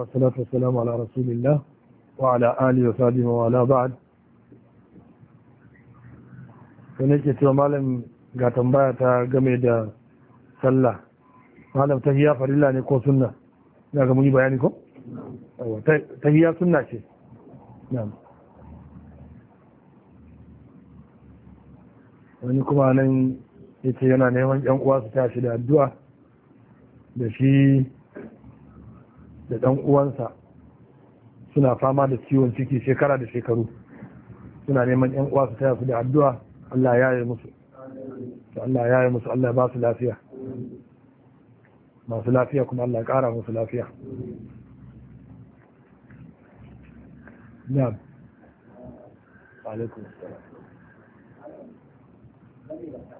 والصلاة والسلام على رسول الله وعلى آله وصحبه وعلى بعد ونجد cewa مالم ga tambaya ta game da sallah malam تهيا farilla ne ko sunna na ga muni bayani ko tahiyya sunna ce wani kuma nan yace yana neman yan uwa su tashi da addu'a da shi da ɗan uwansa suna fama da ciwon ciki shekara da shekaru suna neman yan uwa su taya su da addu'a Allah ya yi musu Allah ya yi musu Allah ya ba su lafiya masu lafiya kuma Allah ya ƙara musu lafiya na'am alaikum assalam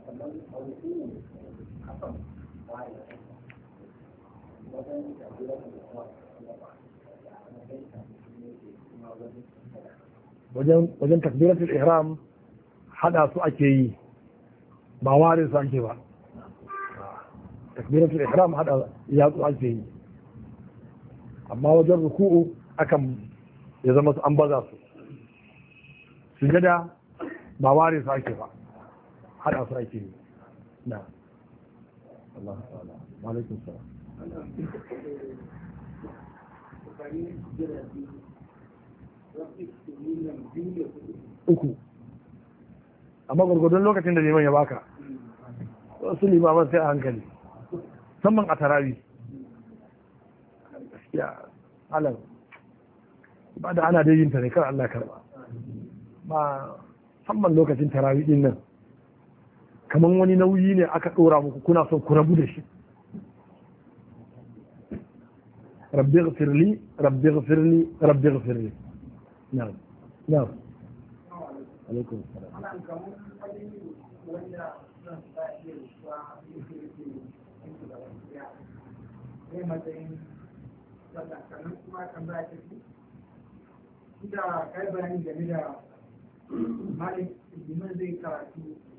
Thank you. wajen takbiratul ihram hada su ake yi ba ware su ake ba takbiratul ihram hada yatsu ake yi amma wajen ruku'u akan ya zama su an baza su sujada ba ware su ake ba hada su ake yi na Allah ta'ala wa alaikum uku amma gwargwadon lokacin da neman ya baka wasu limaman sai a hankali musamman a tarawi. gaskiya alam ba da ana dai yin ta ne kar Allah karba ba musamman lokacin tarawi din nan kamar wani nauyi ne aka ɗora muku kuna son ku rabu da shi rabbi gafirli rabbi gafirli rabbi na'am na'am alaikum salam da kai bayani game da zai karatu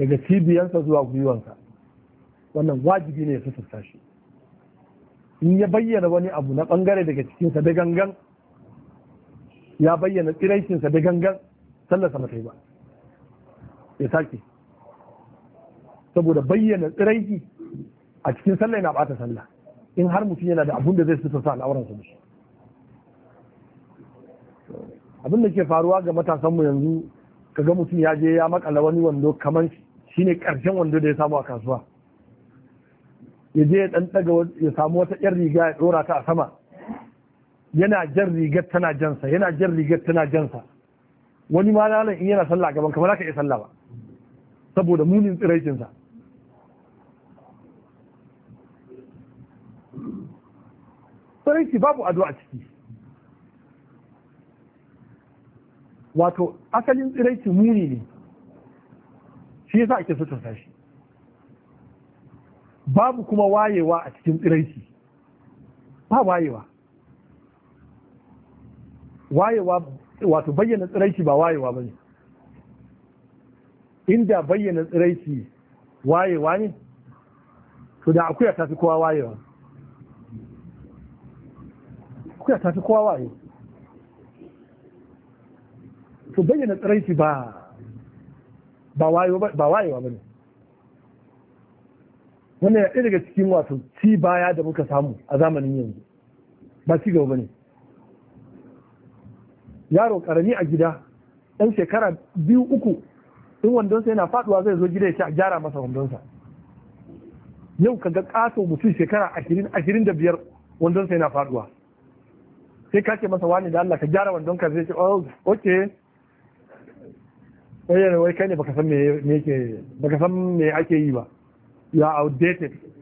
daga cibiyansa zuwa gwiwansa wannan wajibi ne ya fi shi in ya bayyana wani abu na bangare daga cikinsa da gangan ya bayyana tsiraicinsa da gangan sallarsa mata yi ba ya sake saboda bayyana tsiraiki a cikin sallah yana bata sallah in har mutum yana da abun da zai suturta al'auransa da shi abin da ke faruwa ga matasanmu yanzu kaga mutum ya je ya makala wani wando kamar shi shine ƙarshen wando da ya samu a kasuwa ya je ya ya samu wata ƴar riga ya ɗora ta a sama yana jan rigar tana jansa yana jan rigar tana jansa wani ma lalan in yana sallah gaban kamar ka iya sallah ba saboda munin tsiraicinsa tsiraici babu ado a ciki wato asalin tsiraici muni ne shi ya a ake sutunta shi babu kuma wayewa a cikin tsiraici ba wayewa wayewa wato bayyana tsiraici ba wayewa ba ne inda bayyana tsiraici wayewa ne to da akuya ta fi kowa wayewa akuya ta fi kowa wayewa to bayyana tsiraici ba ba wayewa ba ne wannan yaɗe daga cikin wato ci baya da muka samu a zamanin yanzu ba ci gaba ne yaro karami a gida ɗan shekara biyu uku in wandonsa yana faduwa zai zo gida ya ci a gyara masa wandonsa yau ka ga ƙato mutum shekara ashirin da biyar wandonsa yana faduwa sai ka ce masa wani da Allah ka gyara wandonka zai ce oh, ok wai yana wai kai ne baka san me ake yi ba ya outdated